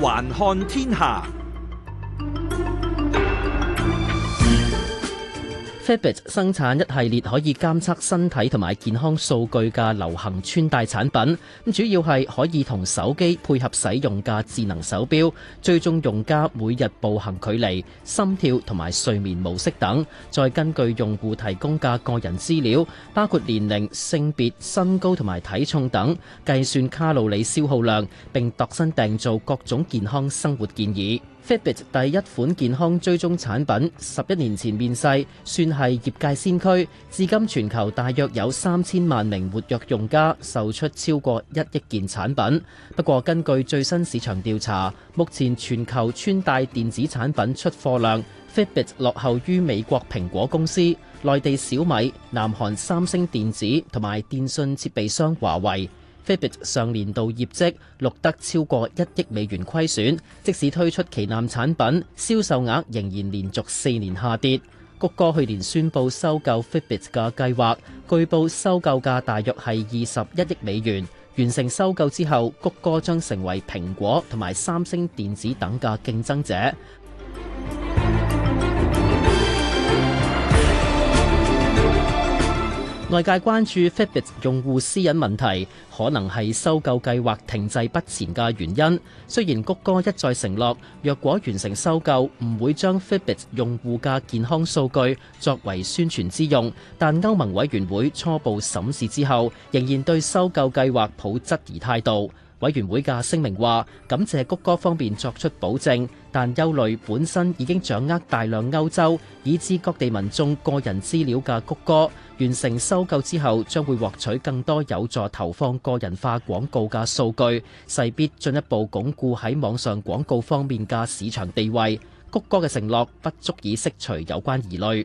環看天下。Fitbit 生產一系列可以監測身體同埋健康數據嘅流行穿戴產品，主要係可以同手機配合使用嘅智能手錶，追蹤用家每日步行距離、心跳同埋睡眠模式等，再根據用戶提供嘅個人資料，包括年齡、性別、身高同埋體重等，計算卡路里消耗量，並度身訂造各種健康生活建議。Fitbit 第一款健康追蹤產品十一年前面世，算係業界先驅。至今全球大約有三千萬名活躍用家，售出超過一億件產品。不過根據最新市場調查，目前全球穿戴電子產品出貨量，Fitbit 落後於美國蘋果公司、內地小米、南韓三星電子同埋電信設備商華為。Fitbit 上年度業績錄得超過一億美元虧損，即使推出旗艦產品，銷售額仍然連續四年下跌。谷歌去年宣佈收購 Fitbit 嘅計劃，據報收購價大約係二十一億美元。完成收購之後，谷歌將成為蘋果同埋三星電子等嘅競爭者。外界關注 Fitbit 用戶私隱問題，可能係收購計劃停滯不前嘅原因。雖然谷歌一再承諾，若果完成收購，唔會將 Fitbit 用戶嘅健康數據作為宣傳之用，但歐盟委員會初步審視之後，仍然對收購計劃抱質疑態度。委員會嘅聲明話，感謝谷歌方面作出保證，但憂慮本身已經掌握大量歐洲以至各地民眾個人資料嘅谷歌，完成收購之後將會獲取更多有助投放個人化廣告嘅數據，勢必進一步鞏固喺網上廣告方面嘅市場地位。谷歌嘅承諾不足以釋除有關疑慮。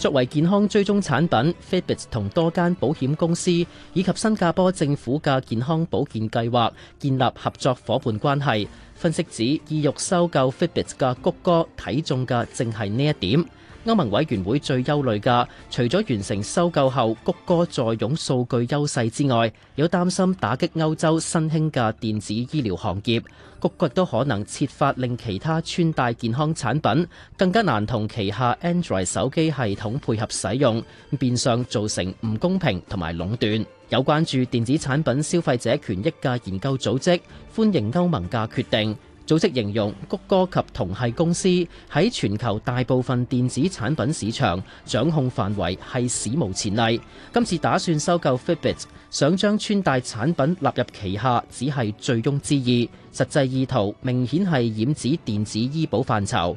作為健康追蹤產品，Fitbit 同多間保險公司以及新加坡政府嘅健康保健計劃建立合作夥伴關係。分析指意欲收購 Fitbit 嘅谷歌睇中嘅正係呢一點。歐盟委員會最憂慮嘅，除咗完成收購後谷歌再擁數據優勢之外，有擔心打擊歐洲新興嘅電子醫療行業。谷歌都可能設法令其他穿戴健康產品更加難同旗下 Android 手機系統配合使用，變相造成唔公平同埋壟斷。有關注電子產品消費者權益嘅研究組織歡迎歐盟嘅決定。組織形容谷歌及同系公司喺全球大部分電子產品市場掌控範圍係史無前例。今次打算收購 Fitbit，想將穿戴產品納入旗下，只係醉翁之意。實際意圖明顯係染指電子醫保範疇。